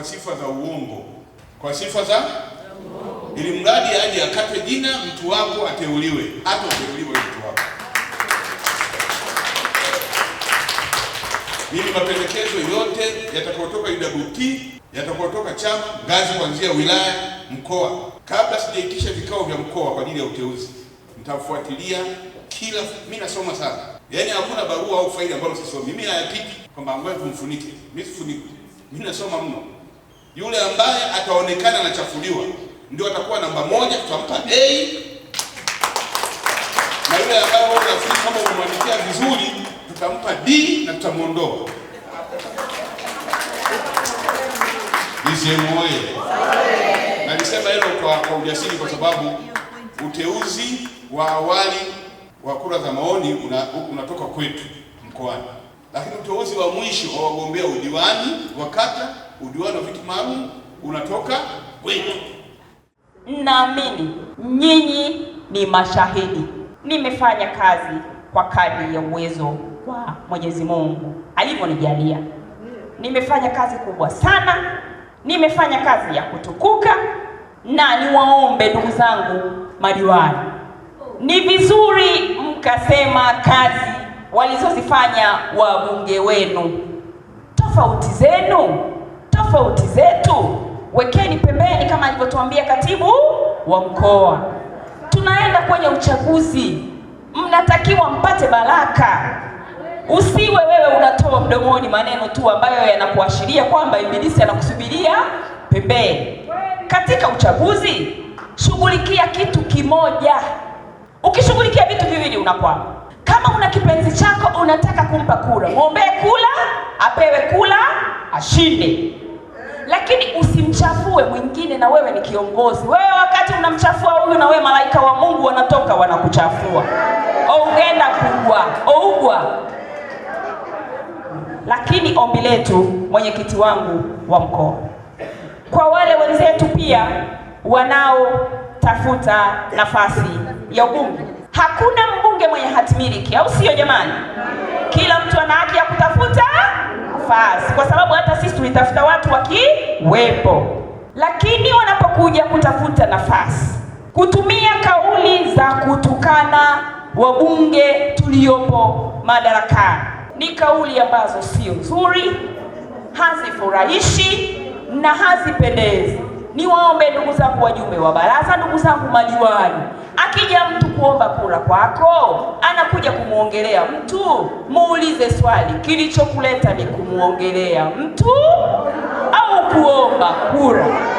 kwa sifa za uongo, kwa sifa za ili mradi aje akate jina mtu wako ateuliwe, hata uteuliwe mtu wako. Mimi mapendekezo yote yatakayotoka UWT yatakayotoka chama ngazi kuanzia wilaya, mkoa, kabla sijaitisha vikao vya mkoa kwa ajili ya uteuzi, nitafuatilia kila. Mimi nasoma sana, yaani hakuna barua au faili ambalo sisomi mimi. Hayapiti kwamba ngoja tumfunike, mimi sifuniki, mimi nasoma mno. Yule ambaye ataonekana anachafuliwa ndio atakuwa namba moja, tutampa A na yule ambaye nafikiri kama umemwandikia vizuri, tutampa D na tutamwondoa. Na nisema hilo kwa, kwa ujasiri kwa sababu uteuzi wa awali wa kura za maoni una, unatoka kwetu mkoani, lakini uteuzi wa mwisho wa wagombea udiwani wa kata ujuano vitu maalum unatoka kwenu Naamini nyinyi ni mashahidi, nimefanya kazi kwa kadri ya uwezo wa Mwenyezi Mungu alivyonijalia. Nimefanya kazi kubwa sana, nimefanya kazi ya kutukuka, na niwaombe ndugu zangu madiwani, ni vizuri mkasema kazi walizozifanya wabunge wenu, tofauti zenu tofauti zetu wekeni pembeni, kama alivyotuambia katibu wa mkoa. Tunaenda kwenye uchaguzi, mnatakiwa mpate baraka. Usiwe wewe unatoa mdomoni maneno tu ambayo yanakuashiria kwamba ibilisi anakusubiria pembeni. Katika uchaguzi, shughulikia kitu kimoja. Ukishughulikia vitu viwili unakwama. Kama una kipenzi chako unataka kumpa kura, mwombee kula, apewe kula, ashinde lakini usimchafue mwingine, na wewe ni kiongozi. Wewe wakati unamchafua huyu, na wewe malaika wa Mungu wanatoka wanakuchafua, ungenda kugwa ougwa. Lakini ombi letu, mwenyekiti wangu wa mkoa, kwa wale wenzetu pia wanaotafuta nafasi ya ubunge, hakuna mbunge mwenye hatimiliki, au sio jamani? Kila mtu ana haki ya kutafuta nafasi, kwa sababu hata sisi tulitafuta watu wakiwepo, lakini wanapokuja kutafuta nafasi, kutumia kauli za kutukana wabunge tuliopo madarakani ni kauli ambazo sio nzuri, hazifurahishi na hazipendezi. Niwaombe ndugu zangu wajumbe wa baraza, ndugu zangu majuani, akija mtu kuomba kura kwako, anakuja kumwongelea mtu, muulize swali, kilichokuleta ni kumwongelea mtu au kuomba kura?